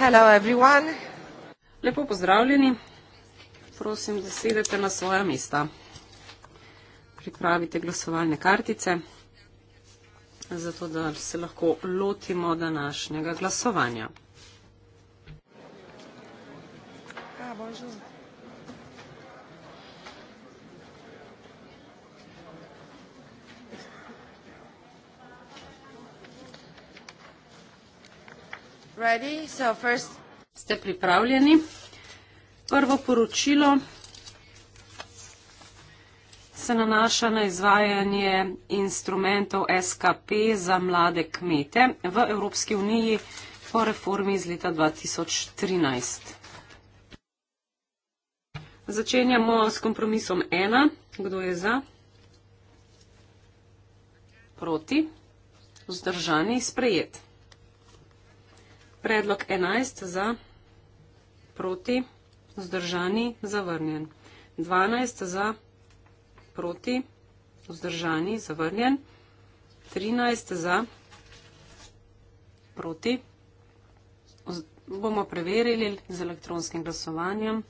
Hello everyone. Lepo pozdravljeni. Prosim, da sedete na svoja mesta. Pripravite glasovalne kartice, zato da se lahko lotimo današnjega glasovanja. Ah, bonjour. Ste pripravljeni? Prvo poročilo se nanaša na izvajanje instrumentov SKP za mlade kmete v Evropski uniji po reformi iz leta 2013. Začenjamo s kompromisom 1. Kdo je za? Proti? Vzdržani? Sprejet? Predlog 11 za proti, vzdržani, zavrnjen. 12 za proti, vzdržani, zavrnjen. 13 za proti. Bomo preverili z elektronskim glasovanjem.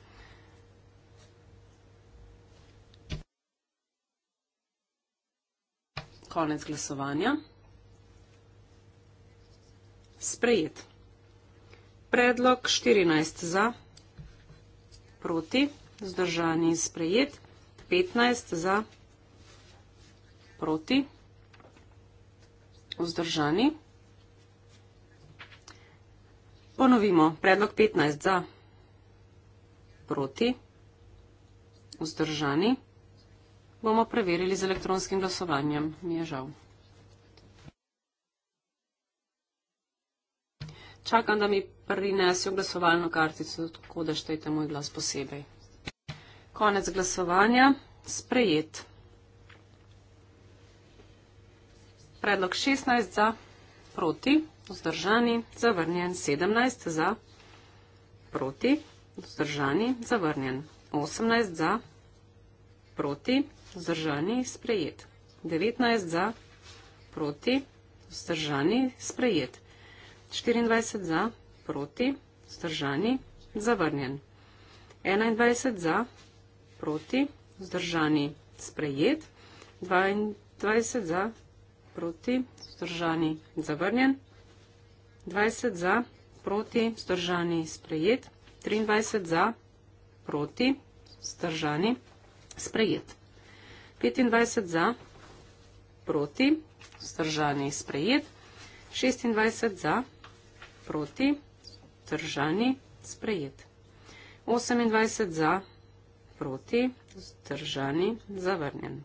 Konec glasovanja. Sprejet predlog, 14 za, proti, zdržani in sprejet, 15 za, proti, vzdržani. Ponovimo, predlog 15 za, proti, vzdržani. Bomo preverili z elektronskim glasovanjem, mi je žal. čakam, da mi prinesijo glasovalno kartico, tako da štejte moj glas posebej. Konec glasovanja. Sprejet. Predlog 16 za, proti, vzdržani, zavrnjen. 17 za, proti, vzdržani, zavrnjen. 18 za, proti, vzdržani, sprejet. 19 za, proti, vzdržani, sprejet. 24 za, proti, vzdržani, zavrnjen. 21 za, proti, vzdržani, sprejet. 22 za, proti, vzdržani, zavrnjen. 20 za, proti, vzdržani, sprejet. 23 za, proti, vzdržani, sprejet. 25 za, proti, vzdržani, sprejet. 26 za, proti, vzdržani, sprejet proti, vzdržani, sprejet. 28 za, proti, vzdržani, zavrnjen.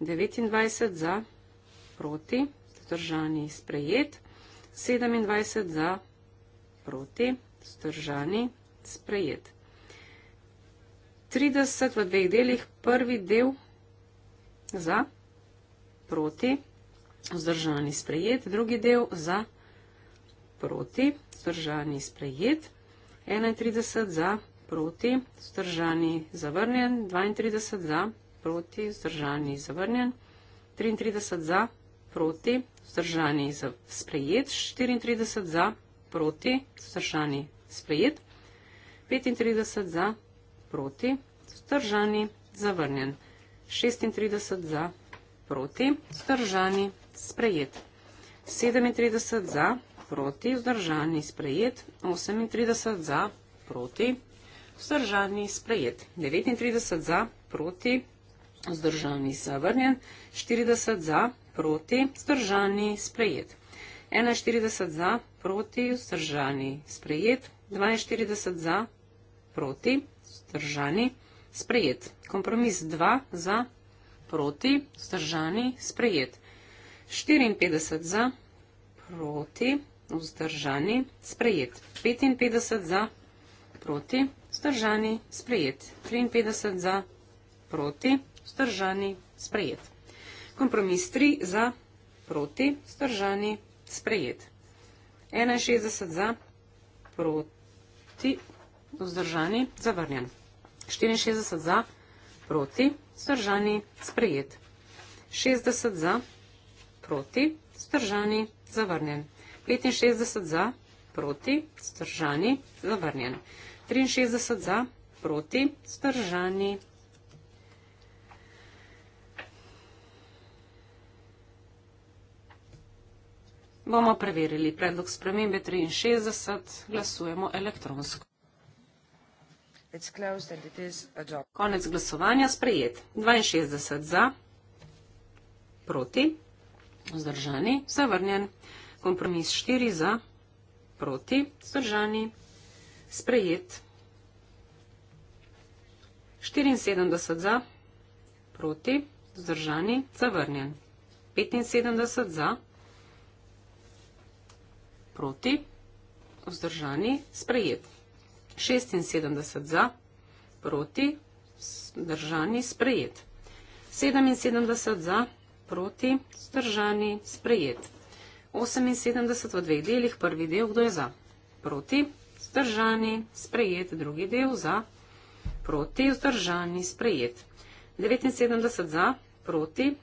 29 za, proti, vzdržani, sprejet. 27 za, proti, vzdržani, sprejet. 30 v dveh delih, prvi del za, proti, vzdržani, sprejet, drugi del za, proti proti, vzdržani sprejet, 31 za, proti, vzdržani zavrnjen, 32 za, proti, vzdržani zavrnjen, 33 za, proti, vzdržani sprejet, 34 za, proti, vzdržani sprejet, 35 za, proti, vzdržani zavrnjen, 36 za, proti, vzdržani sprejet. 37 za, proti, vzdržani, sprejet, 38 za, proti, vzdržani, sprejet, 39 za, proti, vzdržani, zavrnjen, 40 za, proti, vzdržani, sprejet, 41 za, proti, vzdržani, sprejet, 42 za, proti, vzdržani, sprejet, kompromis 2 za, proti, vzdržani, sprejet, 54 za, proti, vzdržani, sprejet, Proti, vzdržani, sprejet. 55 za, proti, vzdržani, sprejet. 53 za, proti, vzdržani, sprejet. Kompromis 3 za, proti, vzdržani, sprejet. 61 za, proti, vzdržani, zavrnjen. 64 za, proti, vzdržani, sprejet. 60 za, proti, vzdržani, zavrnjen. 65 za, proti, zdržani, zavrnjeno. 63 za, proti, zdržani. Bomo preverili predlog spremembe 63. Glasujemo elektronsko. Konec glasovanja sprejet. 62 za, proti, vzdržani, zavrnjen kompromis 4 za, proti, zdržani, sprejet. 74 za, proti, zdržani, zavrnjen. 75 za, proti, vzdržani, sprejet. 76 za, proti, vzdržani, sprejet. 77 za, proti, vzdržani, sprejet. 78 v dveh delih, prvi del, kdo je za? Proti, zdržani, sprejet, drugi del za, proti, zdržani, sprejet. 79 za, proti,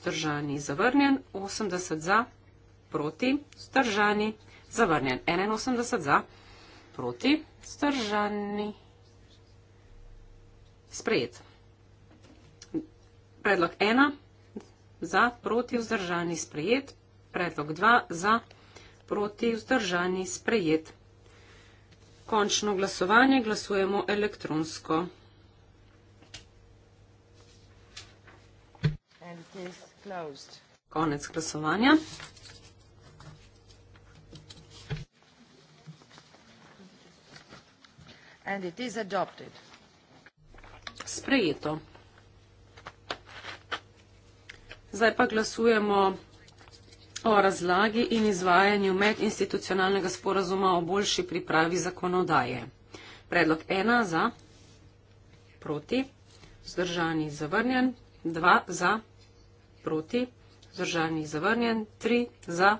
zdržani, zavrnjen, 80 za, proti, zdržani, zavrnjen, 81 za, proti, zdržani, sprejet. Predlog 1 za, proti, vzdržani, sprejet, predlog 2 za, proti vzdržani sprejet. Končno glasovanje glasujemo elektronsko. Konec glasovanja. And it is adopted. Sprejeto. Zdaj pa glasujemo o razlagi in izvajanju medinstitucionalnega sporazuma o boljši pripravi zakonodaje. Predlog ena za, proti, zdržani zavrnjen, dva za, proti, zdržani zavrnjen, tri za,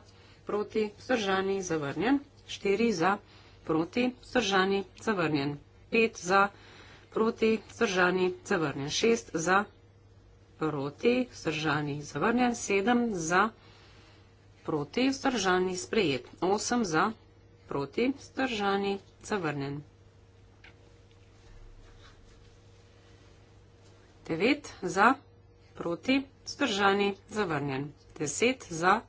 proti, zdržani zavrnjen, štiri za, proti, zdržani zavrnjen, pet za, proti, zdržani zavrnjen, šest za, proti, zdržani zavrnjen, sedem za, proti, proti, vzdržani, sprejet. 8 za, proti, vzdržani, zavrnen. 9 za, proti, vzdržani, zavrnjen. 10 za,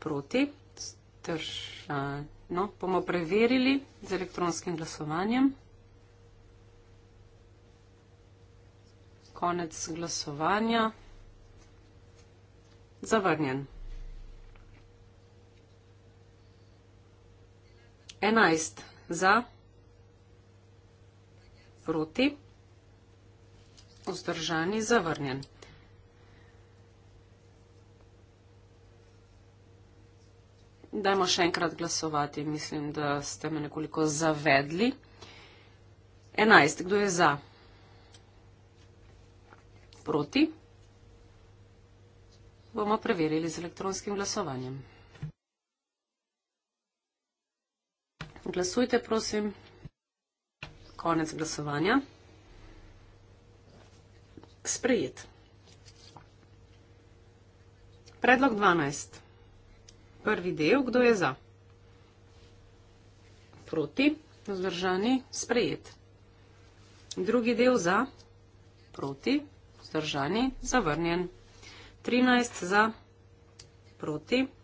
proti, vzdržani. No, bomo preverili z elektronskim glasovanjem. Konec glasovanja. Zavrnjen. 11 za, proti, vzdržani, zavrnjen. Dajmo še enkrat glasovati, mislim, da ste me nekoliko zavedli. 11, kdo je za? Proti? Bomo preverili z elektronskim glasovanjem. Glasujte, prosim. Konec glasovanja. Sprejet. Predlog 12. Prvi del, kdo je za? Proti, vzdržani, sprejet. Drugi del za, proti, vzdržani, zavrnjen. 13 za, proti, vzdržani.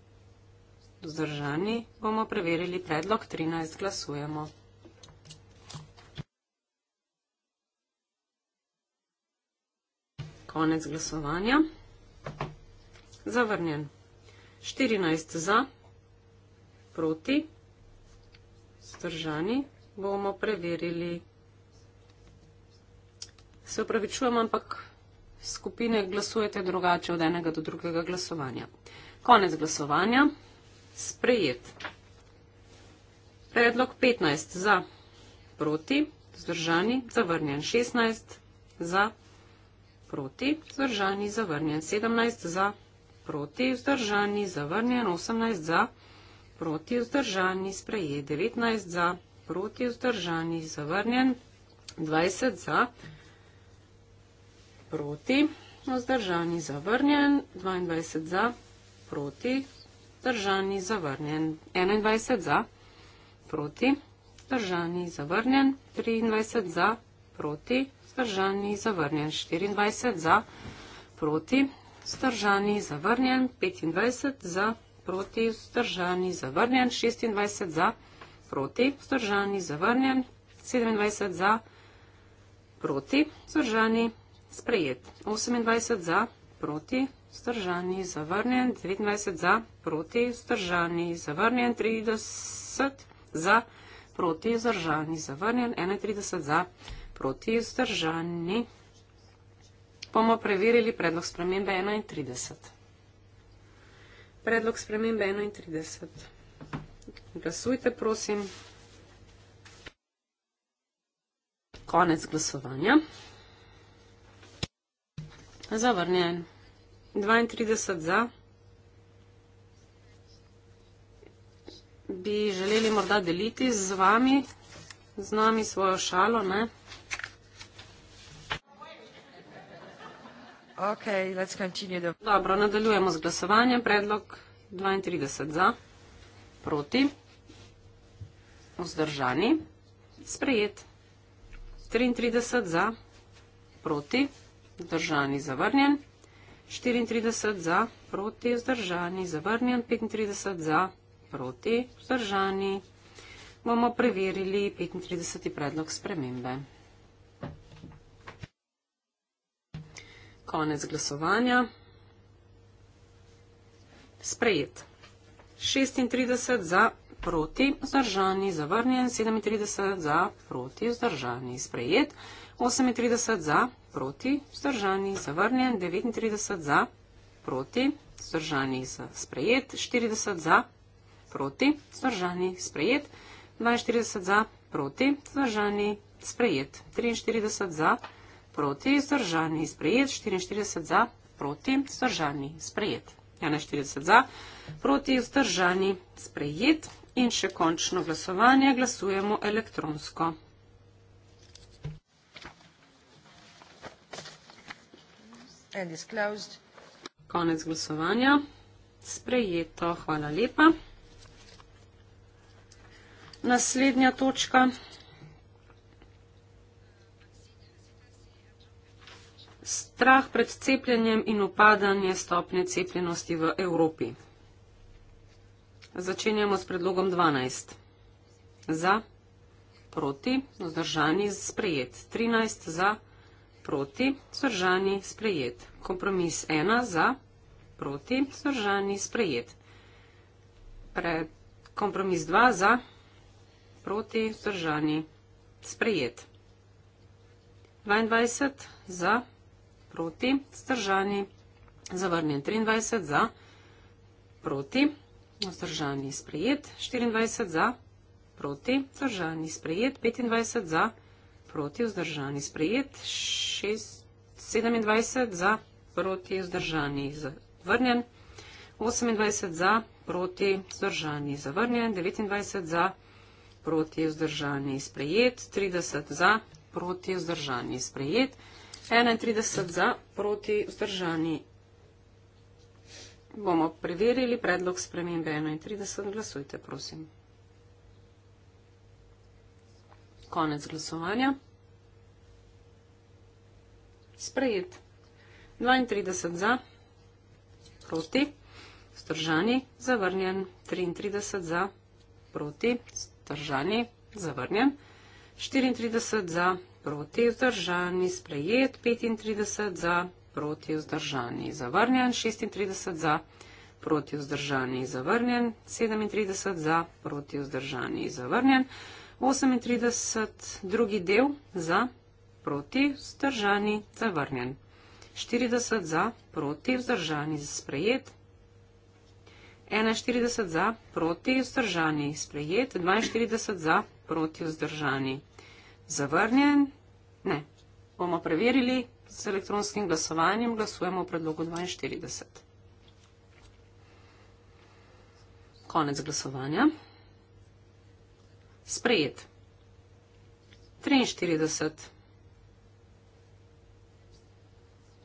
Vzdržani bomo preverili predlog 13. Glasujemo. Konec glasovanja. Zavrnjen. 14 za, proti, vzdržani bomo preverili. Se upravičujem, ampak skupine glasujete drugače od enega do drugega glasovanja. Konec glasovanja sprejet. Predlog 15 za, proti, zdržani, zavrnjen 16, za, proti, zdržani, zavrnjen 17, za, proti, zdržani, zavrnjen 18, za, proti, zdržani, sprejet 19, za, proti, zdržani, zavrnjen 20, za, proti, zdržani, zavrnjen 22, za, proti, vzdržan, zavrnjen. 21 za, proti, vzdržan, zavrnjen. 23 za, proti, vzdržan, zavrnjen. 24 za, proti, vzdržan, zavrnjen. 25 za, proti, vzdržan, zavrnjen. 26 za, proti, vzdržan, zavrnjen. 27 za, proti, vzdržan, sprejet. 28 za, proti, vzdržan, zavrnjen. Zdržani, zavrnjen, 29 za, proti, zdržani, zavrnjen, 30 za, proti, zdržani, zavrnjen, 31 za, proti, zdržani. Bomo preverili predlog spremembe 31. Predlog spremembe 31. Glasujte, prosim. Konec glasovanja. Zavrnjen. 32 za. Bi želeli morda deliti z vami, z nami svojo šalo, ne? Okay, let's continue the... Dobro, nadaljujemo z glasovanjem. Predlog 32 za, proti, vzdržani, sprejet. 33 za, proti, vzdržani, zavrnjen. 34 za, proti, vzdržani, zavrnjen, 35 za, proti, vzdržani. Bomo preverili 35. predlog spremembe. Konec glasovanja. Sprejet. 36 za, proti, vzdržani, zavrnjen, 37 za, proti, vzdržani. Sprejet. Sprejet. 38 za, proti, vzdržani, zavrnjen, 39 za, proti, vzdržani, sprejet, 40 za, proti, vzdržani, sprejet, 42 za, proti, vzdržani, sprejet, 43 za, proti, vzdržani, sprejet, 44 za, proti, vzdržani, sprejet. 41 za, proti, vzdržani, sprejet. In še končno glasovanje glasujemo elektronsko. and is closed. Konec glasovanja. Sprejeto. Hvala lepa. Naslednja točka. Strah pred cepljenjem in upadanje stopnje cepljenosti v Evropi. Začenjamo s predlogom 12. Za, proti, vzdržani, sprejet. 13 za, proti proti, zdržani, sprejet. Kompromis ena za, proti, zdržani, sprejet. Pred, kompromis dva za, proti, zdržani, sprejet. 22 za, proti, zdržani, zavrnjen. 23 za, proti, zdržani, sprejet. 24 za, proti, zdržani, sprejet. 25 za, proti, zdržani, sprejet proti vzdržani. Sprejet 27 za proti vzdržani. Zavrnjen 28 za proti vzdržani. Zavrnjen 29 za proti vzdržani. Sprejet 30 za proti vzdržani. Sprejet 31 za proti vzdržani. Bomo preverili predlog spremembe 31. Glasujte, prosim. konec glasovanja. Sprejet. 32 za, proti, stržani, zavrnjen. 33 za, proti, stržani, zavrnjen. 34 za, proti, vzdržani, sprejet. 35 za, proti, vzdržani, zavrnjen. 36 za, proti, vzdržani, zavrnjen. 37 za, proti, vzdržani, zavrnjen. 38, drugi del za, proti, vzdržani, zavrnjen. 40 za, proti, vzdržani, sprejet. 41 za, proti, vzdržani, sprejet. 42 za, proti, vzdržani, zavrnjen. Ne, bomo preverili z elektronskim glasovanjem, glasujemo v predlogu 42. Konec glasovanja sprejet. 43.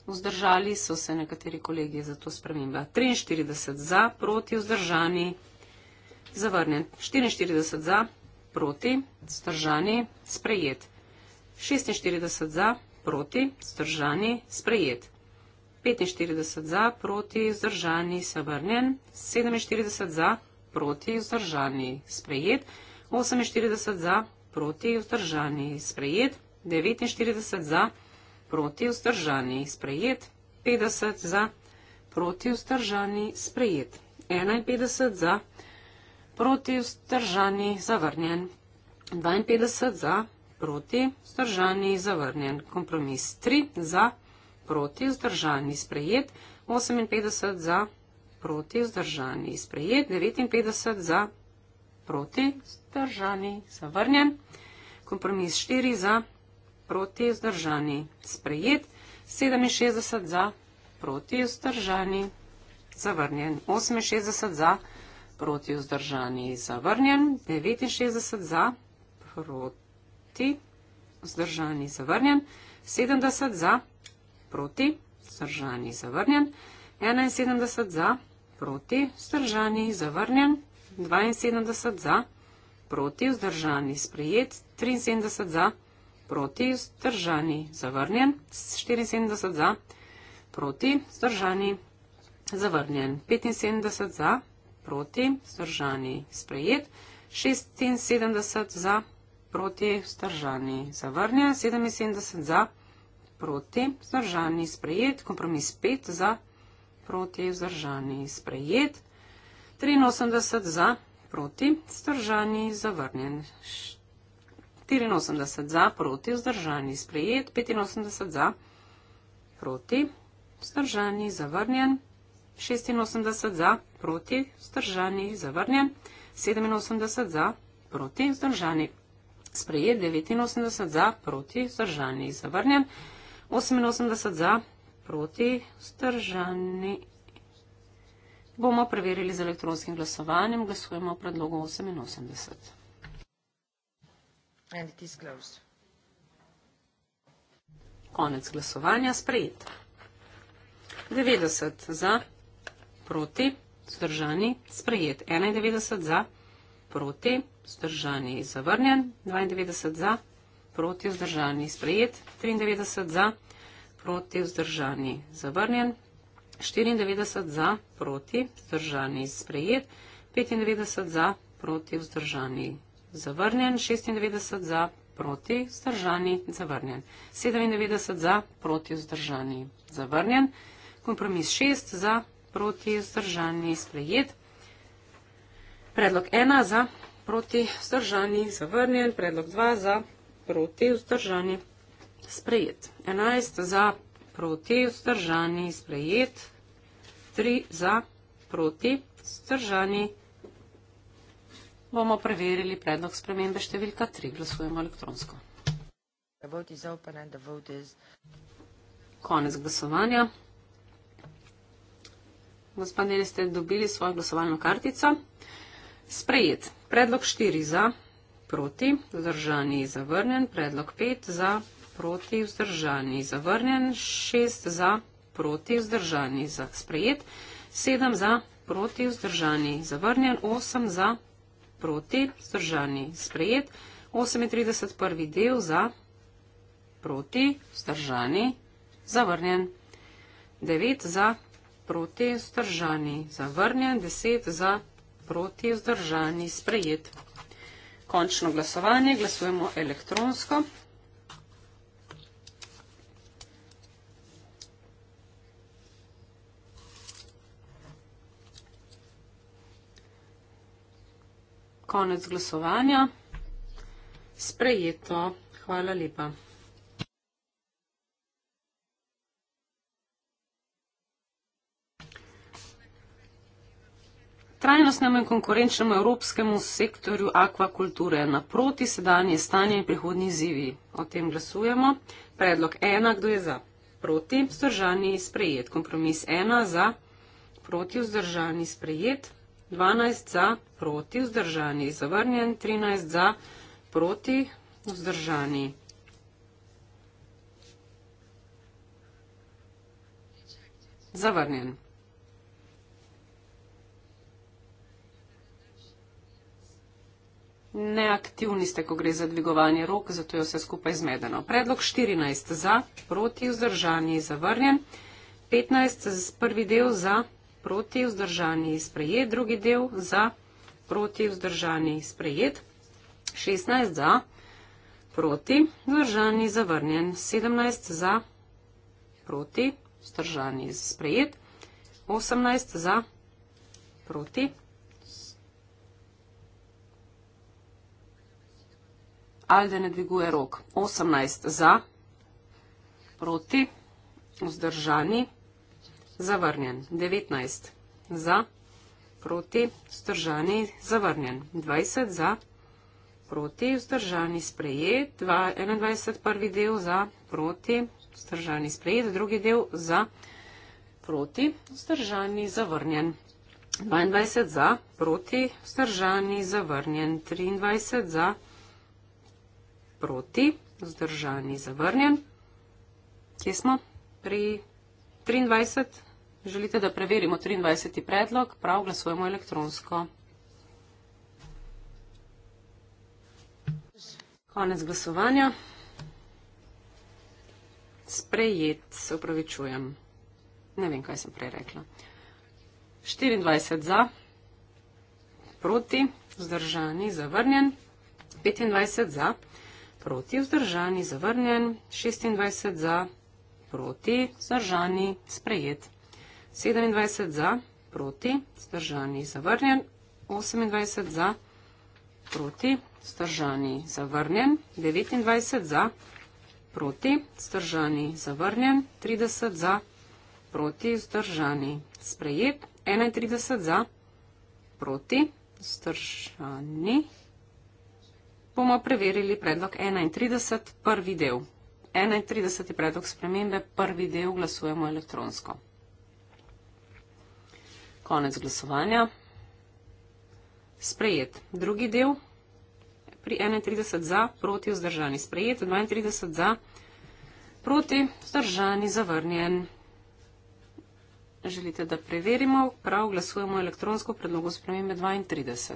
Vzdržali so se nekateri kolegi za to spremembo. 43 za, proti, vzdržani, zavrnjen. 44 za, proti, vzdržani, sprejet. 46 za, proti, vzdržani, sprejet. 45 za, proti, vzdržani, zavrnjen. 47 za, proti, vzdržani, sprejet. 48 za, proti, vzdržani, sprejet, 49 za, proti, vzdržani, sprejet, 50 za, proti, vzdržani, sprejet, 51 za, proti, vzdržani, zavrnjen, 52 za, proti, vzdržani, zavrnjen, kompromis 3 za, proti, vzdržani, sprejet, 58 za, proti, vzdržani, sprejet, 59 za, proti, vzdržani, sprejet, 59 za, proti, zdržani, zavrnjen. Kompromis 4 za, proti, zdržani, sprejet. 67 za, proti, zdržani, zavrnjen. 68 za, proti, zdržani, zavrnjen. 69 za, proti, zdržani, zavrnjen. 70 za, proti, zdržani, zavrnjen. 71 za, proti, zdržani, zavrnjen. 72 za, proti vzdržani, sprejet 73 za, proti vzdržani, zavrnjen 74 za, proti vzdržani, zavrnjen 75 za, proti vzdržani, sprejet 76 za, proti vzdržani, zavrnjen 77 za, proti vzdržani, sprejet kompromis 5 za, proti vzdržani, sprejet 77 za. 83 za, proti, zdržani, zavrnjen. 84 za, proti, zdržani, sprejet. 85 za, proti, zdržani, zavrnjen. 86 za, proti, zdržani, zavrnjen. 87 za, proti, zdržani, sprejet. 89 za, proti, zdržani, zavrnjen. 88 za, proti, zdržani, zavrnjen bomo preverili z elektronskim glasovanjem. Glasujemo o predlogu 88. And it is closed. Konec glasovanja sprejet. 90 za, proti, zdržani, sprejet. 91 za, proti, zdržani, zavrnjen. 92 za, proti, zdržani, sprejet. 93 za, proti, zdržani, zavrnjen. 94 za, proti, vzdržani, sprejet, 95 za, proti, vzdržani, zavrnjen, 96 za, proti, vzdržani, zavrnjen, 97 za, proti, vzdržani, zavrnjen, kompromis 6 za, proti, vzdržani, sprejet, predlog 1 za, proti, vzdržani, zavrnjen, predlog 2 za, proti, vzdržani, sprejet, 11 za, proti, proti, vzdržani, sprejet, tri za, proti, vzdržani. Bomo preverili predlog spremembe številka tri, glasujemo elektronsko. Konec glasovanja. Gospodine, ste dobili svojo glasovalno kartico. Sprejet. Predlog 4 za, proti, zdržani, zavrnjen. Predlog 5 za, proti vzdržani, zavrnjen, šest za proti vzdržani, za sprejet, sedem za proti vzdržani, zavrnjen, osem za proti vzdržani, sprejet, 38. prvi del za proti vzdržani, zavrnjen, 9 za proti vzdržani, zavrnjen, 10 za proti vzdržani, sprejet. Končno glasovanje, glasujemo elektronsko. konec glasovanja. Sprejeto. Hvala lepa. Trajnostnemu in konkurenčnemu evropskemu sektorju akvakulture naproti sedanje stanje in prihodnji zivi. O tem glasujemo. Predlog ena, kdo je za? Proti, vzdržani, sprejet. Kompromis ena, za, proti, vzdržani, sprejet. 12 za, proti vzdržani, zavrnjen 13 za, proti vzdržani. Zavrnjen. Neaktivni ste, ko gre za dvigovanje rok, zato je vse skupaj zmedeno. Predlog 14 za, proti vzdržani, zavrnjen. 15 z prvi del za, proti vzdržani sprejet, drugi del za proti vzdržani sprejet, 16 za proti vzdržani zavrnjen, 17 za proti vzdržani sprejet, 18 za proti. Alde ne dviguje rok. 18 za, proti, vzdržani, zavrnjen. 19 za, proti, vzdržani, zavrnjen. 20 za, proti, vzdržani, sprejet. 21 prvi del za, proti, vzdržani, sprejet. Drugi del za, proti, vzdržani, zavrnjen. 22 za, proti, vzdržani, zavrnjen. 23 za, proti, vzdržani, zavrnjen. Kje smo? Pri 23, Želite, da preverimo 23. predlog? Prav glasujemo elektronsko. Konec glasovanja. Sprejet, se upravičujem. Ne vem, kaj sem prej rekla. 24 za, proti, vzdržani, zavrnjen. 25 za, proti, vzdržani, zavrnjen. 26 za, proti, vzdržani, sprejet. 27 za, proti, zdržani, zavrnjen, 28 za, proti, zdržani, zavrnjen, 29 za, proti, zdržani, zavrnjen, 30 za, proti, zdržani, sprejet, 31 za, proti, zdržani. Bomo preverili predlog 31, prvi del. 31 je predlog spremembe, prvi del glasujemo elektronsko. Konec glasovanja. Sprejet. Drugi del. Pri 31 za, proti vzdržani. Sprejet. 32 za, proti vzdržani. Zavrnjen. Želite, da preverimo? Prav glasujemo elektronsko predlogo spremembe 32.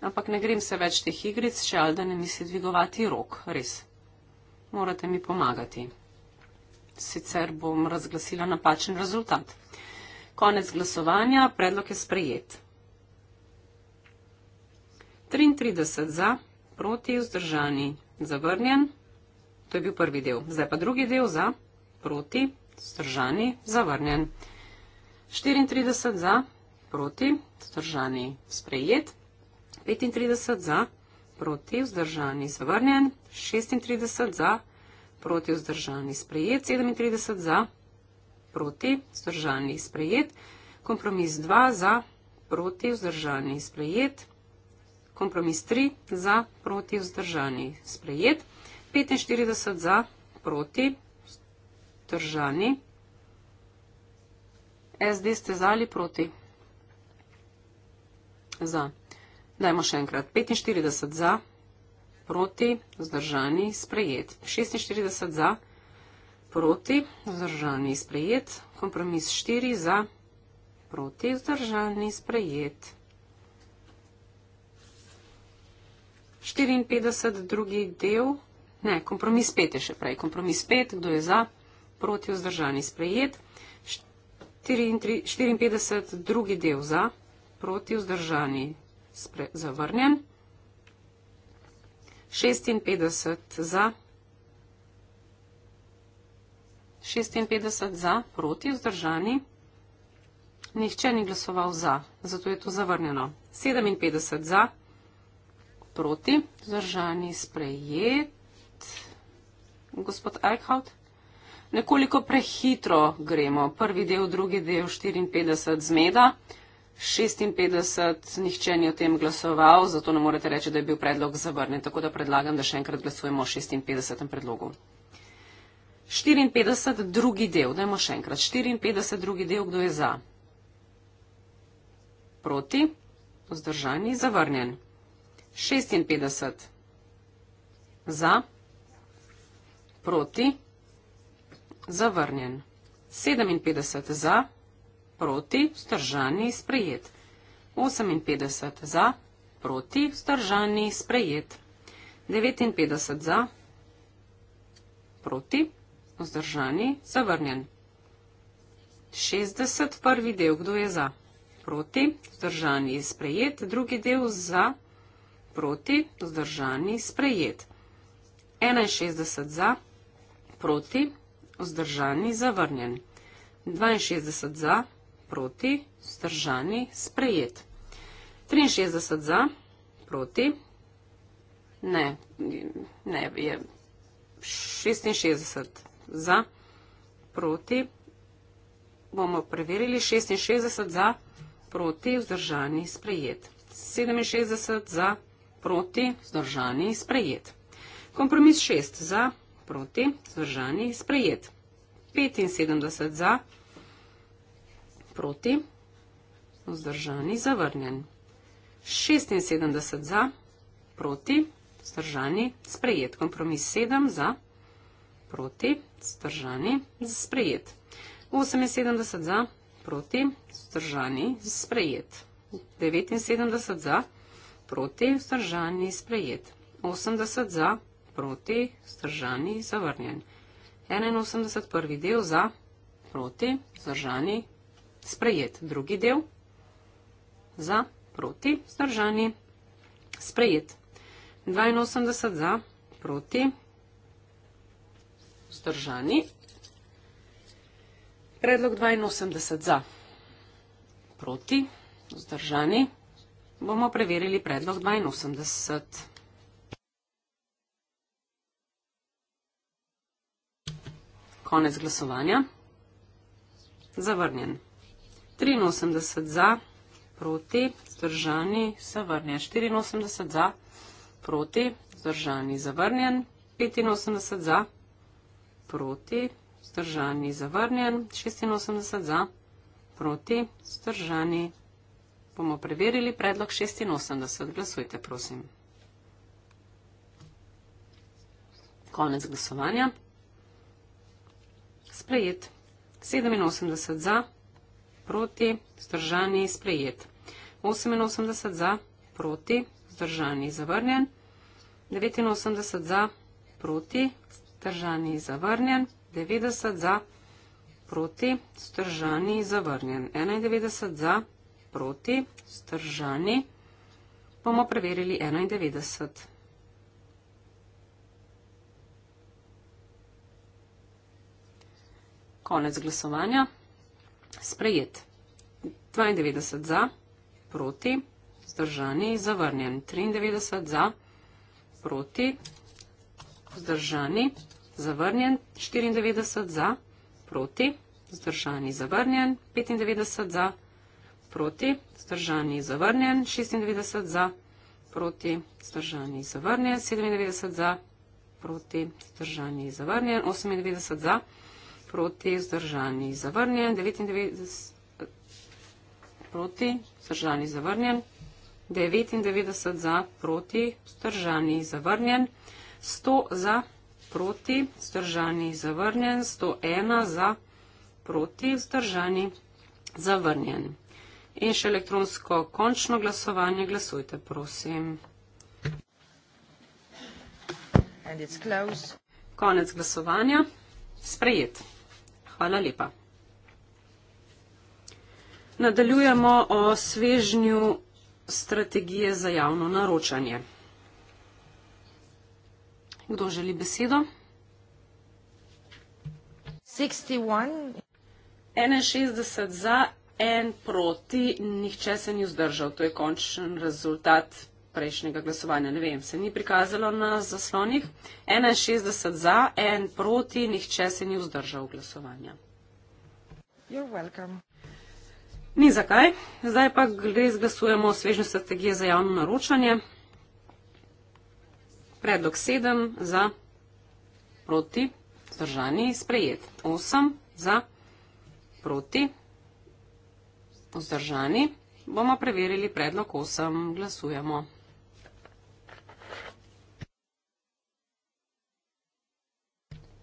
Ampak ne grem se več teh igric, če al da ne misli dvigovati rok. Res. Morate mi pomagati. Sicer bom razglasila napačen rezultat. Konec glasovanja. Predlog je sprejet. 33 za, proti, vzdržani, zavrnjen. To je bil prvi del. Zdaj pa drugi del za, proti, vzdržani, zavrnjen. 34 za, proti, vzdržani, sprejet. 35 za, proti, vzdržani, zavrnjen. 36 za, proti, vzdržani, sprejet. 37 za, proti, vzdržani sprejet. Kompromis 2 za, proti, vzdržani sprejet. Kompromis 3 za, proti, vzdržani sprejet. 45 za, proti, vzdržani. SD ste za ali proti? Za. Dajmo še enkrat. 45 za, proti, vzdržani, sprejet. 46 za, proti proti, vzdržani, sprejet. Kompromis 4 za, proti, vzdržani, sprejet. 54 drugi del, ne, kompromis 5 je še prej. Kompromis 5, kdo je za, proti, vzdržani, sprejet. 54 drugi del za, proti, vzdržani, spre, zavrnjen. 56 za, 56 za, proti, vzdržani. Nihče ni glasoval za, zato je to zavrnjeno. 57 za, proti, vzdržani, sprejet. Gospod Eichhout, nekoliko prehitro gremo. Prvi del, drugi del, 54 zmeda. 56, nihče ni o tem glasoval, zato ne morete reči, da je bil predlog zavrnjen. Tako da predlagam, da še enkrat glasujemo o 56. predlogu. 54 drugi del, dajmo še enkrat. 54 drugi del, kdo je za? Proti, vzdržani, zavrnjen. 56 za, proti, zavrnjen. 57 za, proti, vzdržani, sprejet. 58 za, proti, vzdržani, sprejet. 59 za, proti, vzdržani vzdržani, zavrnjen. 60. Prvi del, kdo je za? Proti, vzdržani, sprejet. Drugi del za, proti, vzdržani, sprejet. 61. Za, proti, vzdržani, zavrnjen. 62. Za, proti, vzdržani, sprejet. 63. Za, proti, ne, ne, je 66 za, proti, bomo preverili 66 za, proti, vzdržani, sprejet. 67 za, proti, vzdržani, sprejet. Kompromis 6 za, proti, vzdržani, sprejet. 75 za, proti, vzdržani, zavrnjen. 76 za, proti, vzdržani, sprejet. Kompromis 7 za, proti, vzdržani, sprejet. Zdržani za sprejet. 78 za, proti, zdržani za sprejet. 79 za, proti, zdržani za sprejet. 80 za, proti, zdržani za vrnjen. 81 prvi del za, proti, zdržani za sprejet. Drugi del za, proti, zdržani za sprejet. 82 za, proti, zdržani za sprejet vzdržani. Predlog 82 za. Proti, vzdržani. Bomo preverili predlog 82. Konec glasovanja. Zavrnjen. 83 za, proti, zdržani, zavrnjen. 84 za, proti, zdržani, zavrnjen. 85 za proti, vzdržani, zavrnjen, 86 za, proti, vzdržani. Bomo preverili predlog 86. Glasujte, prosim. Konec glasovanja. Sprejet. 87 za, proti, vzdržani, sprejet. 88 za, proti, vzdržani, zavrnjen. 89 za, proti, Vzdržani zavrnjen, 90 za, proti, vzdržani zavrnjen, 91 za, proti, vzdržani, bomo preverili 91. Konec glasovanja, sprejet, 92 za, proti, vzdržani zavrnjen, 93 za, proti, vzdržani, zavrnjen, 94 za, proti, vzdržani, zavrnjen, 95 za, proti, vzdržani, zavrnjen, 96 za, proti, vzdržani, zavrnjen, 97 za, proti, vzdržani, zavrnjen, 98 za, proti, vzdržani, zavrnjen, 99, proti, vzdržani, zavrnjen, 99 za, proti, vzdržani, zavrnjen, 100 za, proti, vzdržani, zavrnjen, 101 za, proti, vzdržani, zavrnjen. In še elektronsko končno glasovanje, glasujte, prosim. And it's close. Konec glasovanja, sprejet. Hvala lepa. Nadaljujemo o svežnju strategije za javno naročanje. Kdo želi besedo? 61 za, en proti, nihče se ni vzdržal. To je končen rezultat prejšnjega glasovanja. Ne vem, se ni prikazalo na zaslonih. 61 za, en proti, nihče se ni vzdržal glasovanja. Ni zakaj. Zdaj pa res glasujemo o svežnju strategije za javno naročanje. Predlog 7 za proti zdržani sprejet. 8 za proti zdržani. Bomo preverili predlog 8. Glasujemo.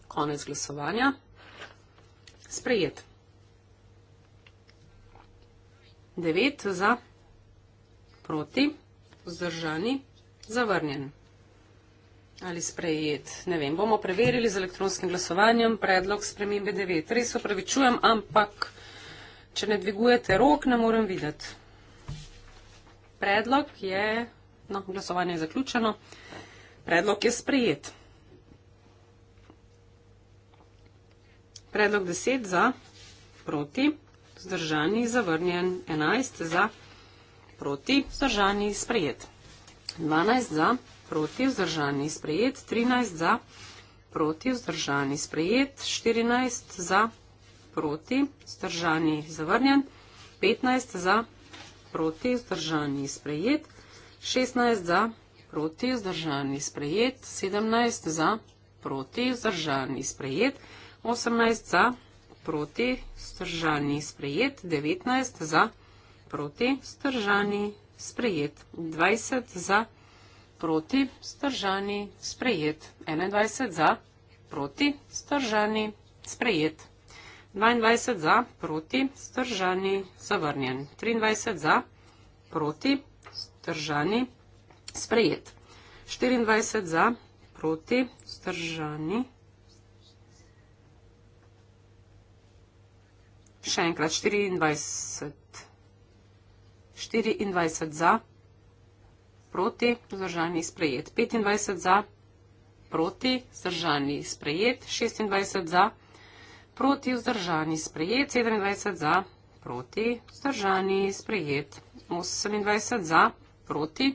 Konec glasovanja. Sprejet. 9 za proti zdržani. Zavrnjen ali sprejet. Ne vem, bomo preverili z elektronskim glasovanjem predlog spremembe 9. Res upravičujem, ampak če ne dvigujete rok, ne morem videti. Predlog je, no, glasovanje je zaključeno, predlog je sprejet. Predlog 10 za, proti, zdržani, zavrnjen, 11 za, proti, zdržani, sprejet. 12 za, proti vzdržani sprejet, 13 za, proti vzdržani sprejet, 14 za, proti vzdržani zavrnjen, 15 za, proti vzdržani sprejet, 16 za, proti vzdržani sprejet, 17 za, proti vzdržani sprejet, 18 za, proti vzdržani sprejet, 19 za, proti vzdržani sprejet, 20 za, proti vzdržani sprejet proti, stržani, sprejet. 21 za, proti, stržani, sprejet. 22 za, proti, stržani, zavrnjen. 23 za, proti, stržani, sprejet. 24 za, proti, stržani. Še enkrat 24. 24 za, proti, vzdržani sprejet. 25 za, proti, vzdržani sprejet. 26 za, proti, vzdržani sprejet. 27 za, proti, vzdržani sprejet. 28 za, proti,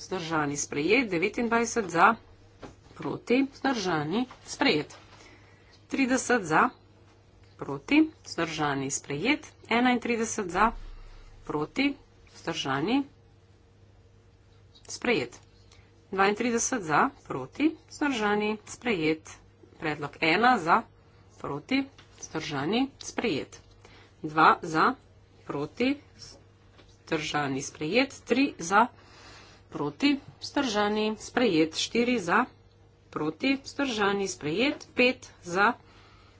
vzdržani sprejet. 29 za, proti, vzdržani sprejet. 30 za, proti, vzdržani sprejet. 31 za, proti, vzdržani sprejet sprejet. 32 za, proti, zdržani, sprejet. Predlog 1 za, proti, zdržani, sprejet. 2 za, proti, zdržani, sprejet. 3 za, proti, zdržani, sprejet. 4 za, proti, zdržani, sprejet. 5 za,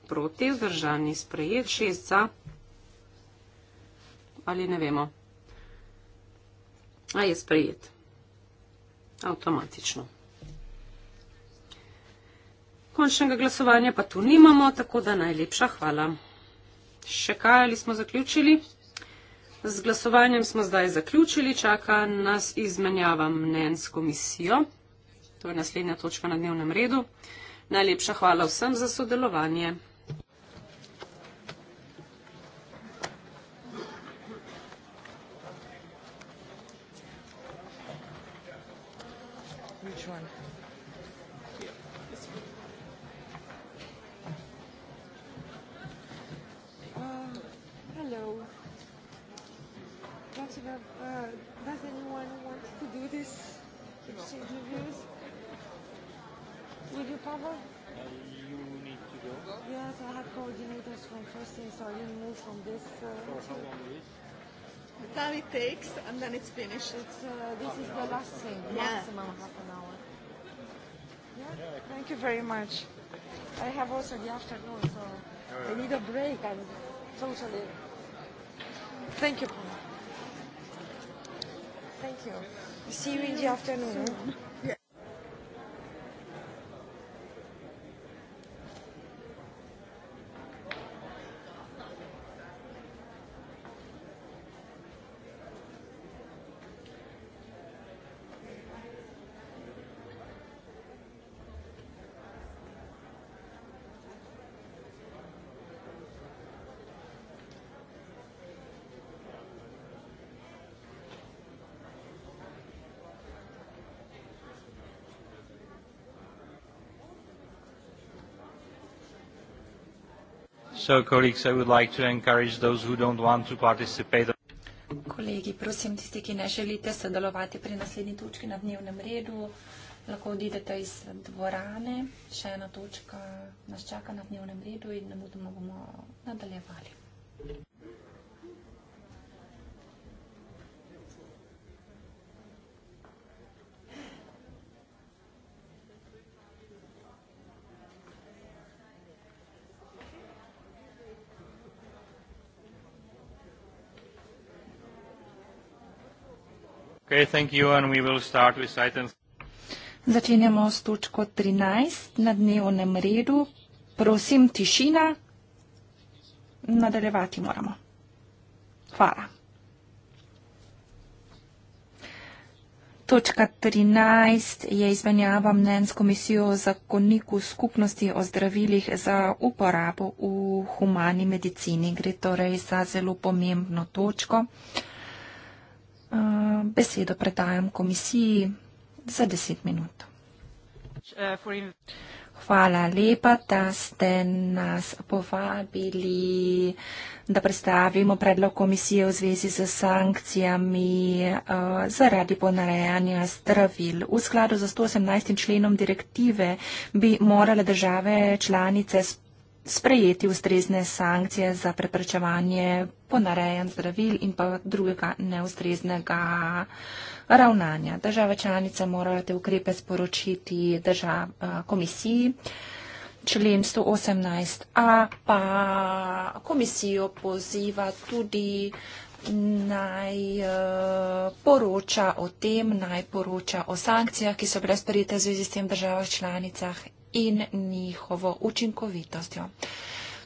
proti, zdržani, sprejet. 6 za, ali ne vemo. A je sprejet avtomatično. Končnega glasovanja pa tu nimamo, tako da najlepša hvala. Še kaj ali smo zaključili? Z glasovanjem smo zdaj zaključili, čaka nas izmenjava mnen s komisijo. To je naslednja točka na dnevnem redu. Najlepša hvala vsem za sodelovanje. recover? Uh, you need to go. Yes, I have coordinators from first thing, so I will move from this. Uh, For to how long is? The time it takes, and then it's finished. It's, uh, this half is the hour, last thing, yeah. maximum half an hour. Yeah? Yeah, Thank you very much. I have also the afternoon, so oh, yeah. I need a break. I'm totally. Thank you, Paul. Thank you. See you in the afternoon. Soon. Yeah. So, colleagues, I would like to encourage those who don't want to participate. Kolegi, prosim, tisti, ki ne želite sodelovati pri naslednji točki na dnevnem redu, lahko odidete iz dvorane. Še ena točka nas čaka na dnevnem redu in ne bomo nadaljevali. Okay, thank you, and we will start with items. Začenjamo s točko 13 na dnevnem redu. Prosim, tišina. Nadaljevati moramo. Hvala. Točka 13 je izmenjava mnen s Komisijo zakonniku skupnosti o zdravilih za uporabo v humani medicini. Gre torej za zelo pomembno točko. Uh, besedo predajam komisiji za deset minut. Hvala lepa, da ste nas povabili, da predstavimo predlog komisije v zvezi z sankcijami uh, zaradi ponarejanja stravil. V skladu z 118 členom direktive bi morale države članice spremljati sprejeti ustrezne sankcije za preprečevanje ponarejanj zdravil in pa drugega neustreznega ravnanja. Države članice morajo te ukrepe sporočiti držav, eh, komisiji. Člen 118a pa komisijo poziva tudi naj uh, poroča o tem, naj poroča o sankcijah, ki so bile sprejete v zvezi s tem državah članicah in njihovo učinkovitostjo.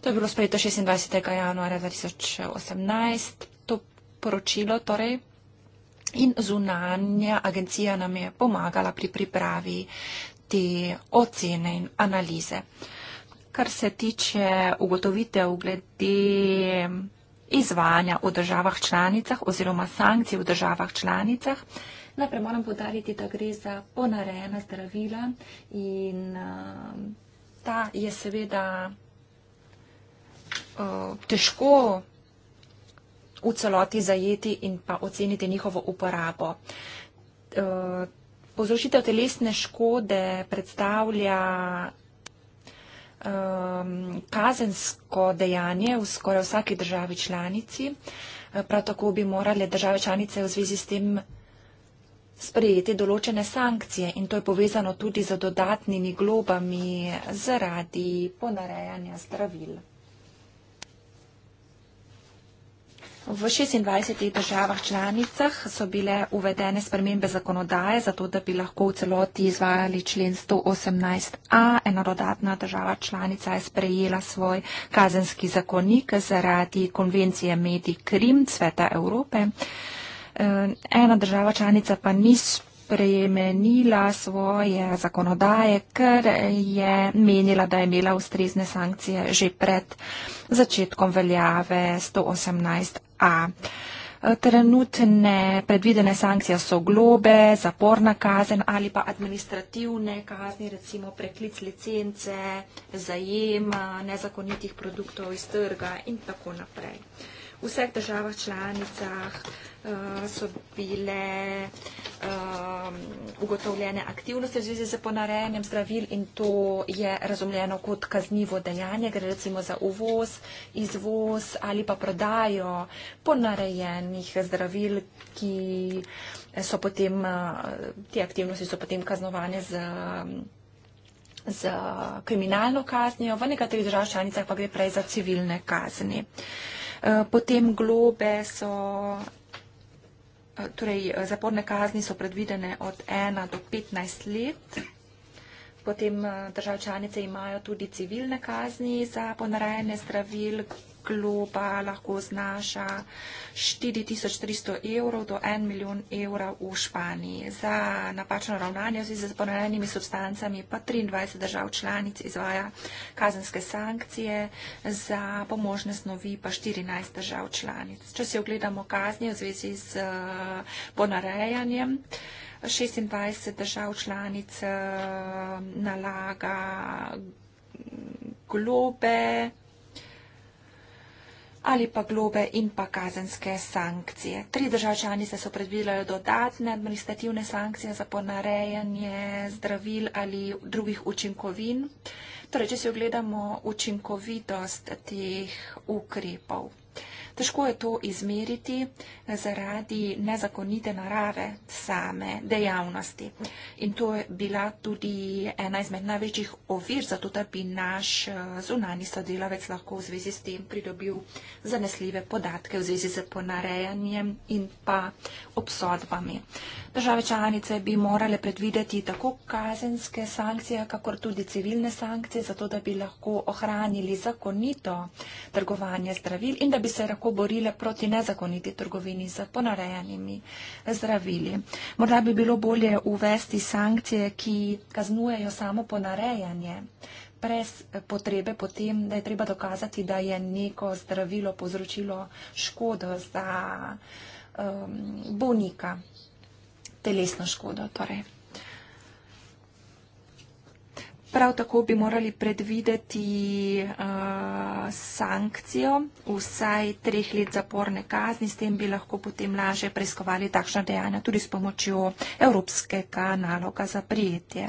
To je bilo sprejeto 26. januarja 2018, to poročilo torej. In zunanja agencija nam je pomagala pri pripravi te ocene in analize. Kar se tiče ugotovitev glede izvanja v državah članicah oziroma sankcij v državah članicah, Najprej moram podariti, da gre za ponarejena zdravila in uh, ta je seveda uh, težko v celoti zajeti in pa oceniti njihovo uporabo. Uh, povzročitev telesne škode predstavlja um, kazensko dejanje v skoraj vsaki državi članici. Uh, prav tako bi morale države članice v zvezi s tem sprejeti določene sankcije in to je povezano tudi z dodatnimi globami zaradi ponarejanja zdravil. V 26 državah članicah so bile uvedene spremembe zakonodaje, zato da bi lahko v celoti izvajali člen 118a. Enorodatna država članica je sprejela svoj kazenski zakonik zaradi konvencije Medi Krim Sveta Evrope. Eh, ena država članica pa ni spremenila svoje zakonodaje, ker je menila, da je imela ustrezne sankcije že pred začetkom veljave 118a. Eh, trenutne predvidene sankcije so globe, zaporna kazen ali pa administrativne kazni, recimo preklic licence, zajema nezakonitih produktov iz trga in tako naprej v vseh državah članicah eh, so bile eh, ugotovljene aktivnosti v zvezi z ponarejanjem zdravil in to je razumljeno kot kaznivo dejanje, gre recimo za uvoz, izvoz ali pa prodajo ponarejenih zdravil, ki so potem, eh, te aktivnosti so potem kaznovane z z kriminalno kaznijo, v nekaterih državah članicah pa gre prej za civilne kazni. Uh, Eh, potem globe so, eh, torej eh, zaporne kazni so predvidene od 1 do 15 let. Potem državčanice imajo tudi civilne kazni za ponarajanje zdravil, globa lahko znaša 4300 evrov do 1 milijon evrov v Španiji. Za napačno ravnanje v zvezi z ponarejenimi substancami pa 23 držav članic izvaja kazenske sankcije, za pomožne snovi pa 14 držav članic. Če si ogledamo kazni v zvezi z eh, ponarejanjem, 26 držav članic eh, nalaga globe, ali pa globe in pa kazenske sankcije. Tri države članice so predvidele dodatne administrativne sankcije za ponarejanje zdravil ali drugih učinkovin. Torej, če si ogledamo učinkovitost teh ukrepov. Težko je to izmeriti eh, zaradi nezakonite narave same dejavnosti. In to je bila tudi ena izmed največjih ovir za to, da bi naš eh, zunani sodelavec lahko v zvezi s tem pridobil zanesljive podatke v zvezi z ponarejanjem in pa obsodbami. Države članice bi morale predvideti tako kazenske sankcije, kakor tudi civilne sankcije, zato da bi lahko ohranili zakonito trgovanje zdravil in da bi se lahko tako borile proti nezakoniti trgovini z ponarejanimi zdravili. Morda bi bilo bolje uvesti sankcije, ki kaznujejo samo ponarejanje, brez potrebe potem, da je treba dokazati, da je neko zdravilo povzročilo škodo za um, bolnika, telesno škodo. Torej. Prav tako bi morali predvideti uh, sankcijo vsaj treh let zaporne kazni, s tem bi lahko potem lažje preiskovali takšna dejanja tudi s pomočjo Evropskega naloga za prijetje.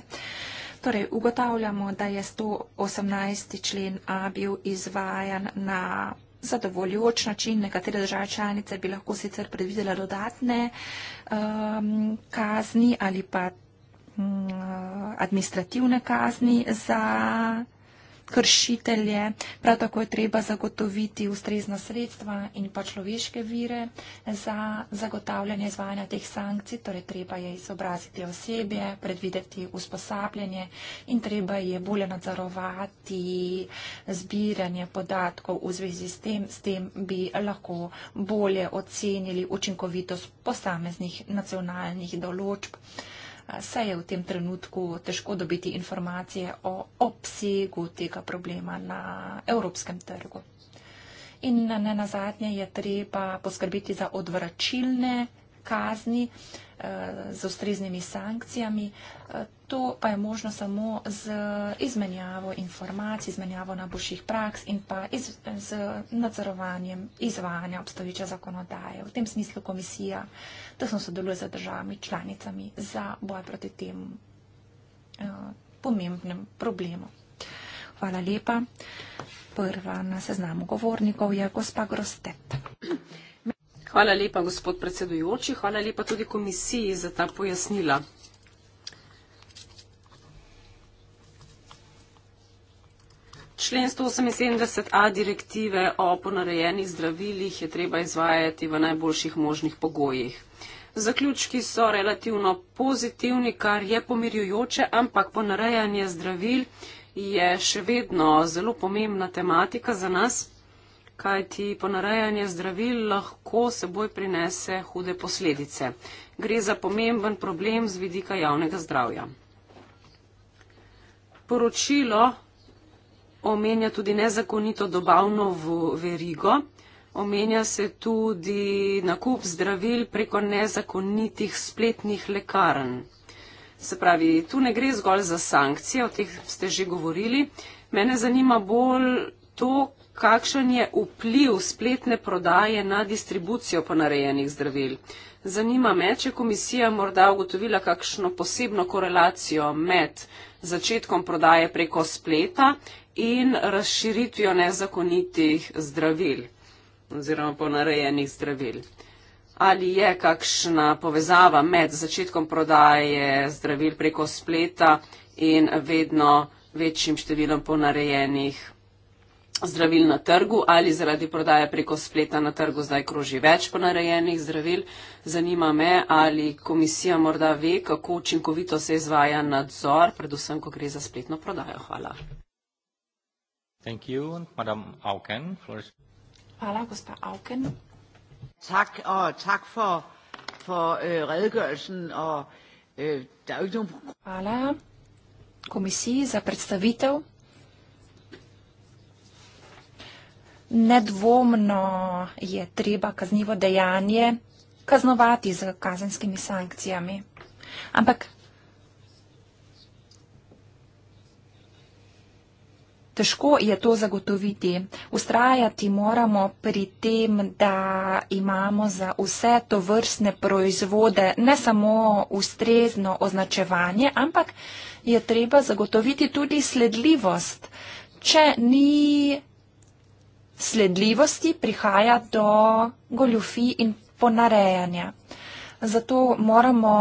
Torej, ugotavljamo, da je 118. člen A bil izvajan na zadovoljujoč način. Nekatere države članice bi lahko sicer predvidela dodatne um, kazni ali pa um, administrativne kazni za kršitelje, prav tako je treba zagotoviti ustrezna sredstva in pa človeške vire za zagotavljanje izvajanja teh sankcij, torej treba je izobraziti osebje, predvideti usposabljanje in treba je bolje nadzorovati zbiranje podatkov v zvezi s tem, s tem bi lahko bolje ocenili učinkovitost posameznih nacionalnih določb se je v tem trenutku težko dobiti informacije o obsegu tega problema na evropskem trgu. In ne nazadnje je treba poskrbeti za odvračilne kazni, z ustreznimi sankcijami. E, to pa je možno samo z izmenjavo informacij, izmenjavo najboljših praks in pa iz, z nadzorovanjem izvajanja obstoječe zakonodaje. V tem smislu komisija tesno sodeluje z državami članicami za boj proti tem e, pomembnem problemu. Hvala lepa. Prva na seznamu govornikov je gospa Grostet. Hvala lepa, gospod predsedujoči. Hvala lepa tudi komisiji za ta pojasnila. Člen 178a direktive o ponarejenih zdravilih je treba izvajati v najboljših možnih pogojih. Zaključki so relativno pozitivni, kar je pomirjujoče, ampak ponarejanje zdravil je še vedno zelo pomembna tematika za nas kaj ti ponarejanje zdravil lahko seboj prinese hude posledice. Gre za pomemben problem z vidika javnega zdravja. Poročilo omenja tudi nezakonito dobavno v verigo. Omenja se tudi nakup zdravil preko nezakonitih spletnih lekarn. Se pravi, tu ne gre zgolj za sankcije, o teh ste že govorili. Mene zanima bolj to, kakšen je vpliv spletne prodaje na distribucijo ponarejenih zdravil. Zanima me, če komisija morda ugotovila kakšno posebno korelacijo med začetkom prodaje preko spleta in razširitvijo nezakonitih zdravil oziroma ponarejenih zdravil. Ali je kakšna povezava med začetkom prodaje zdravil preko spleta in vedno večjim številom ponarejenih zdravil na trgu ali zaradi prodaje preko spleta na trgu zdaj kroži več ponarejenih zdravil. Zanima me, ali komisija morda ve, kako učinkovito se izvaja nadzor, predvsem, ko gre za spletno prodajo. Hvala. You, Auken, Hvala, gospa Auken. Tak, tak for, for, uh, og, uh, Hvala komisiji za predstavitev. nedvomno je treba kaznivo dejanje kaznovati z kazenskimi sankcijami. Ampak težko je to zagotoviti. Ustrajati moramo pri tem, da imamo za vse to vrstne proizvode ne samo ustrezno označevanje, ampak je treba zagotoviti tudi sledljivost. Če ni sledljivosti prihaja do goljufij in ponarejanja. Zato moramo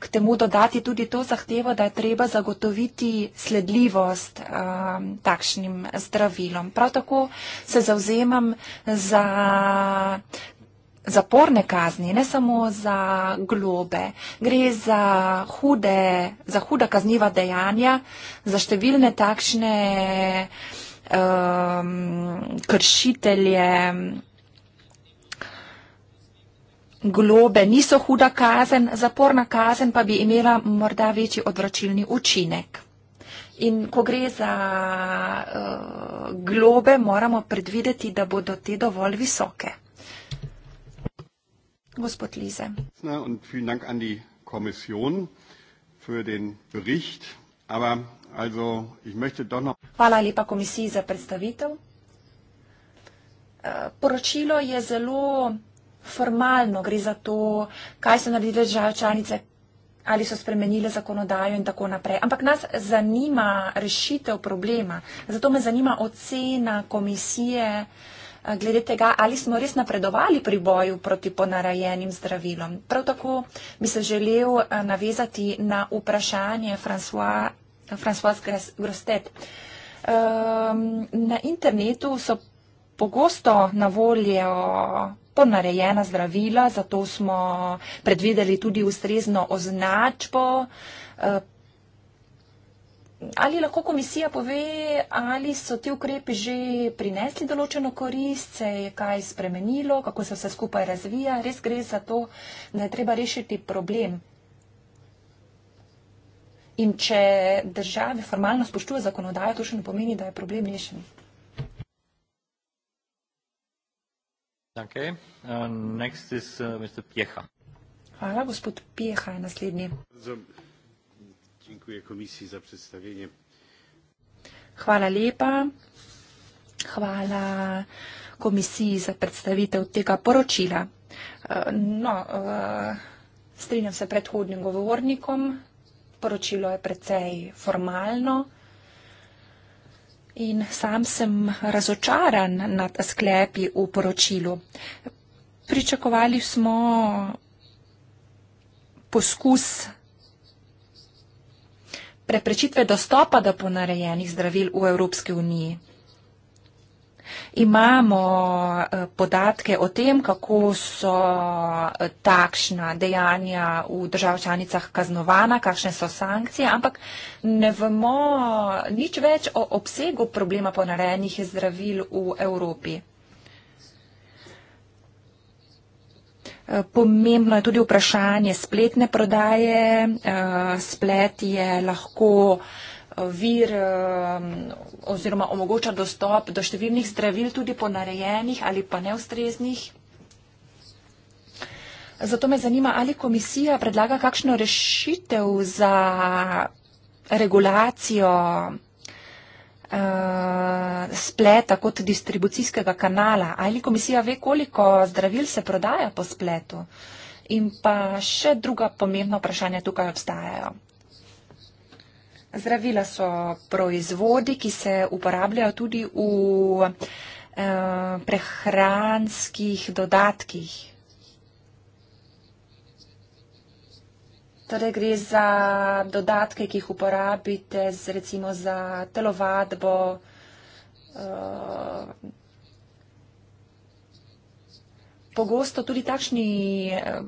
k temu dodati tudi to zahtevo, da je treba zagotoviti sledljivost um, takšnim zdravilom. Prav tako se zauzemam za zaporne kazni, ne samo za globe. Gre za, hude, za huda kazniva dejanja, za številne takšne. Um, um, kršitelje. Globe niso huda kazen, zaporna kazen pa bi imela morda večji odvračilni učinek. In ko gre za uh, globe, moramo predvideti, da bodo te dovolj visoke. Gospod Lize. Hvala. Komisjon, za den bericht, ampak Also, ich möchte doch noch Hvala lepa komisiji za predstavitev. Eh, poročilo je zelo formalno, gre za to, kaj so naredile države članice, ali so spremenile zakonodajo in tako naprej. Ampak nas zanima rešitev problema, zato me zanima ocena komisije eh, glede tega, ali smo res napredovali pri boju proti ponarajenim zdravilom. Prav tako bi se želel eh, navezati na vprašanje François Francois Grostet. Ehm, na internetu so pogosto na voljo ponarejena zdravila, zato smo predvideli tudi ustrezno označbo. Eh, ali lahko komisija pove, ali so ti ukrepi že prinesli določeno korist, se je kaj spremenilo, kako se vse skupaj razvija. Res gre za to, da je treba rešiti problem In če države formalno spoštuje zakonodajo, to še ne pomeni, da je problem rešen. Okay. Uh, is, uh, Hvala, gospod Pjeha je naslednji. Dziękuję komisiji za predstavljanje. Hvala lepa. Hvala komisiji za predstavitev tega poročila. Uh, no, uh, strinjam se predhodnim govornikom, poročilo je precej formalno. In sam sem razočaran nad sklepi v poročilu. Pričakovali smo poskus preprečitve dostopa do ponarejenih zdravil v Evropski uniji imamo eh, podatke o tem, kako so eh, takšna dejanja v državah članicah kaznovana, kakšne so sankcije, ampak ne vemo nič več o obsegu problema ponarejenih zdravil v Evropi. Eh, pomembno je tudi vprašanje spletne prodaje. Splet je lahko uh, vir um, oziroma omogoča dostop do številnih zdravil, tudi ponarejenih ali pa neustreznih. Zato me zanima, ali komisija predlaga kakšno rešitev za regulacijo uh, spleta kot distribucijskega kanala. Ali komisija ve, koliko zdravil se prodaja po spletu? In pa še druga pomembna vprašanja tukaj obstajajo. Zdravila so proizvodi, ki se uporabljajo tudi v eh, prehranskih dodatkih. Torej gre za dodatke, ki jih uporabite recimo za telovadbo, eh, pogosto tudi takšni... Eh,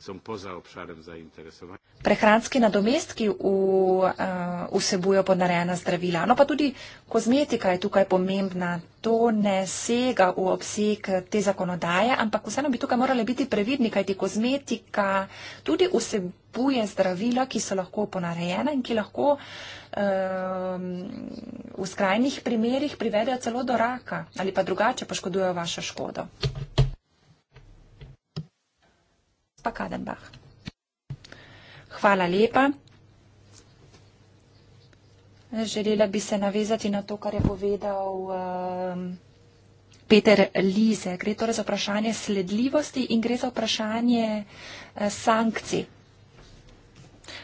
so poza obšarem zainteresovanja. Prehranski nadomestki eh, vsebujo uh, podnarejena zdravila, no pa tudi kozmetika je tukaj pomembna. To ne sega v obseg te zakonodaje, ampak vseeno bi tukaj morali biti previdni, kajti kozmetika tudi vsebuje zdravila, ki so lahko ponarejena in ki lahko um, v skrajnih primerjih privedejo celo do raka ali pa drugače poškodujejo vašo škodo pa Kadenbach. Hvala lepa. Želela bi se navezati na to, kar je povedal um, Peter Lize. Gre torej za vprašanje sledljivosti in gre za vprašanje uh, sankcij.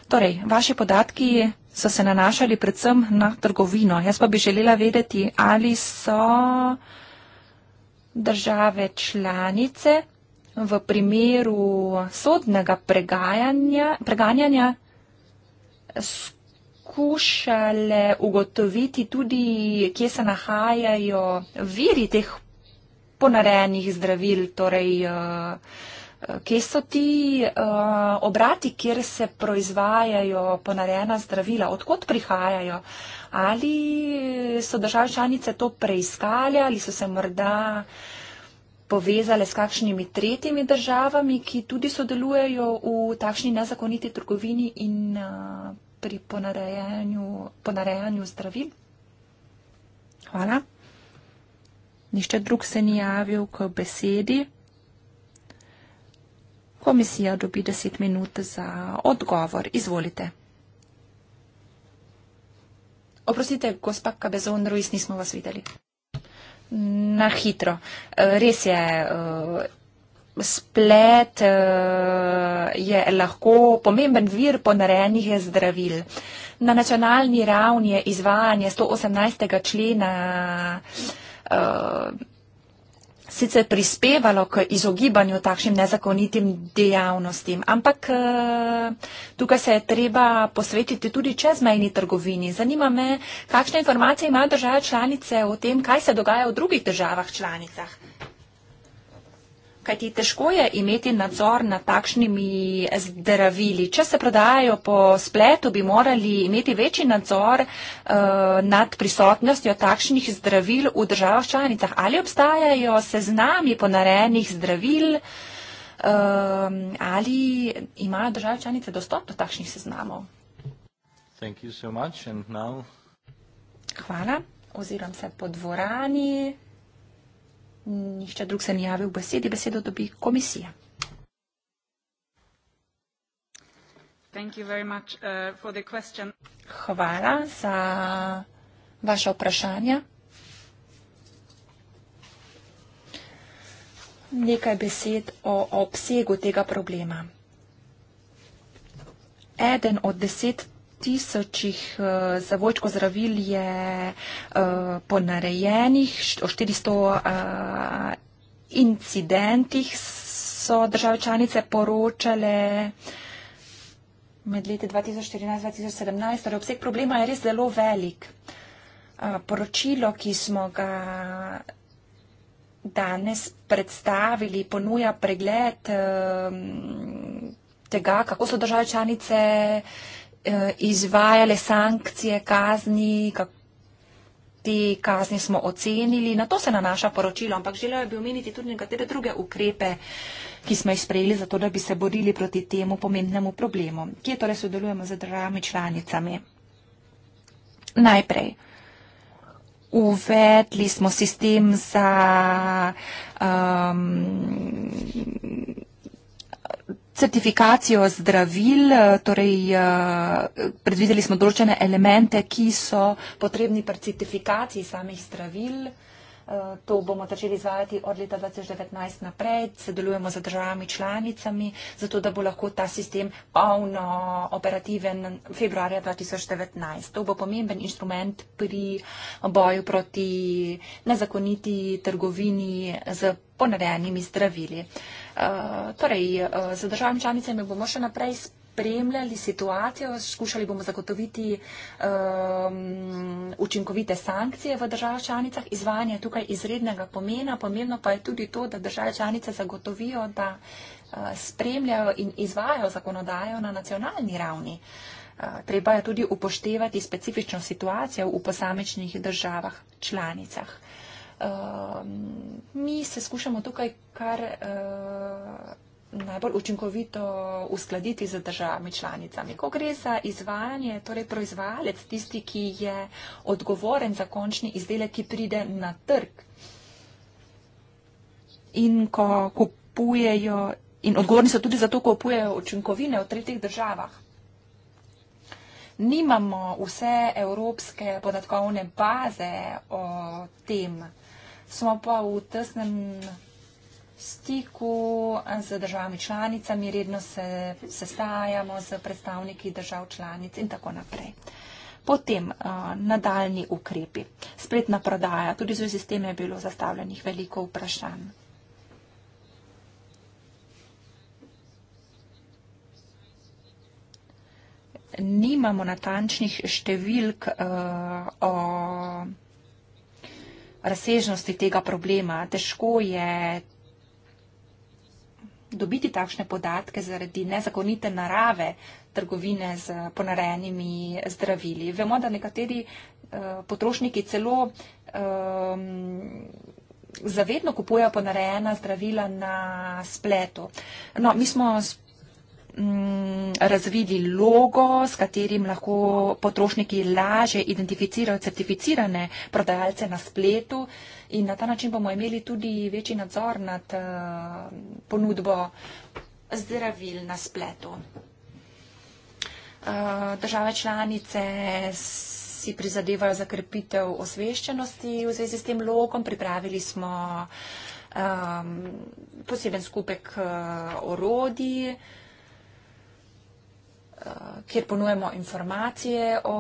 Torej, vaši podatki so se nanašali predvsem na trgovino. Jaz pa bi želela vedeti, ali so države članice v primeru sodnega preganjanja, preganjanja skušale ugotoviti tudi, kje se nahajajo viri teh ponarejenih zdravil, torej eh, kje so ti eh, obrati, kjer se proizvajajo ponarejena zdravila, odkot prihajajo. Ali so države članice to preiskali ali so se morda povezale s kakšnimi tretjimi državami, ki tudi sodelujejo v takšni nezakoniti trgovini in pri ponarejanju, ponarejanju zdravil. Hvala. Nišče drug se ni javil k besedi. Komisija dobi 10 minut za odgovor. Izvolite. Oprostite, gospa Kabezon Ruiz, nismo vas videli na hitro. Eh, res je, eh, splet eh, je lahko pomemben vir ponarejenih zdravil. Na nacionalni ravni je izvajanje 118. člena sicer prispevalo k izogibanju takšnim nezakonitim dejavnostim, ampak eh, tukaj se je treba posvetiti tudi čezmejni trgovini. Zanima me, kakšne informacije imajo države članice o tem, kaj se dogaja v drugih državah članicah kajti težko je imeti nadzor nad takšnimi zdravili. Če se prodajajo po spletu, bi morali imeti večji nadzor uh, nad prisotnostjo takšnih zdravil v državah članicah. Ali obstajajo seznami ponarejenih zdravil uh, ali imajo države članice dostop do takšnih seznamov? So Hvala. Oziram se po dvorani. Nihče drug se ni javil v besedi, besedo dobi komisija. Uh, Hvala za vaše vprašanje. Nekaj besed o obsegu tega problema. Eden od deset tisočih eh, zavojčkov zdravil je eh, ponarejenih, o 400 eh, incidentih so države članice poročale med leti 2014-2017, torej obseg problema je res zelo velik. Poročilo, ki smo ga danes predstavili, ponuja pregled tega, kako so države članice uh, Eh, izvajale sankcije, kazni, te kazni smo ocenili. Na to se nanaša poročilo, ampak želel bi omeniti tudi nekatere druge ukrepe, ki smo jih sprejeli, zato da bi se borili proti temu pomembnemu problemu. Kje torej sodelujemo z državami članicami? Najprej. Uvedli smo sistem za um, certifikacijo zdravil, eh, torej eh, predvideli smo določene elemente, ki so potrebni pri certifikaciji samih zdravil. Eh, to bomo začeli izvajati od leta 2019 naprej, sodelujemo z državami članicami, zato da bo lahko ta sistem polno operativen februarja 2019. To bo pomemben inštrument pri boju proti nezakoniti trgovini z ponarejenimi zdravili. Eh, torej, eh, z državami članicami bomo še naprej spremljali situacijo, skušali bomo zagotoviti um, učinkovite sankcije v državah članicah. Izvajanje je tukaj izrednega pomena. Pomembno pa je tudi to, da države članice zagotovijo, da eh, spremljajo in izvajajo zakonodajo na nacionalni ravni. Treba je tudi upoštevati specifično situacijo v posamečnih državah članicah. Ehm, mi se skušamo tukaj kar eh, najbolj učinkovito uskladiti z državami članicami. Ko gre za izvajanje, torej proizvajalec, tisti, ki je odgovoren za končni izdelek, ki pride na trg in ko kupujejo in odgovorni so tudi za to, ko kupujejo učinkovine v tretjih državah. Nimamo vse evropske podatkovne baze o tem, kako je smo pa v tesnem stiku z državami članicami, redno se sestajamo z predstavniki držav članic in tako naprej. Potem uh, nadaljni ukrepi. Spletna prodaja. Tudi z vsi sistemi je bilo zastavljenih veliko vprašanj. Nimamo natančnih številk uh, o razsežnosti tega problema. Težko je dobiti takšne podatke zaradi nezakonite narave trgovine z ponarejenimi zdravili. Vemo, da nekateri eh, potrošniki celo um, zavedno kupujejo ponarejena zdravila na spletu. No, mi smo Mm, razvili logo, s katerim lahko potrošniki laže identificirajo certificirane prodajalce na spletu in na ta način bomo imeli tudi večji nadzor nad eh, ponudbo zdravil na spletu. Eh, države članice si prizadevajo za krepitev osveščenosti v zvezi s tem logom. Pripravili smo um, poseben skupek uh, orodij, uh, Eh, kjer ponujemo informacije o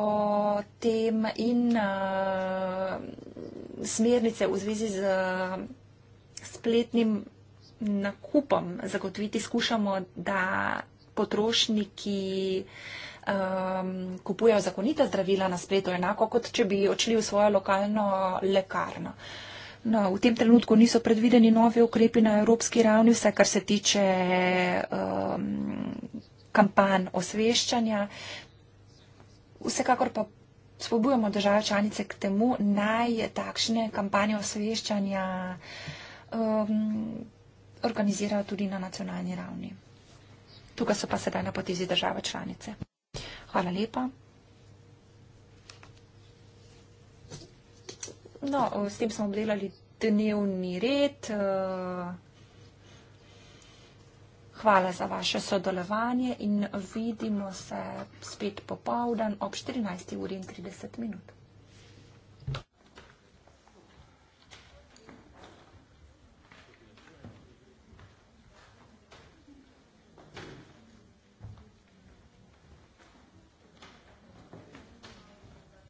tem in uh, smernice v zvezi z eh, spletnim nakupom. Zagotoviti skušamo, da potrošniki um, kupujejo zakonita zdravila na spletu, enako kot če bi odšli v svojo lokalno lekarno. No, v tem trenutku niso predvideni novi ukrepi na evropski ravni, vse kar se tiče. Um, kampanj osveščanja. Vsekakor pa spodbujamo države članice k temu, naj takšne kampanje osveščanja um, organizirajo tudi na nacionalni ravni. Tukaj so pa sedaj na potizi države članice. Hvala lepa. No, s tem smo obdelali dnevni red. Uh, Hvala za vaše sodelovanje in vidimo se spet popovdan ob 14.30 minut.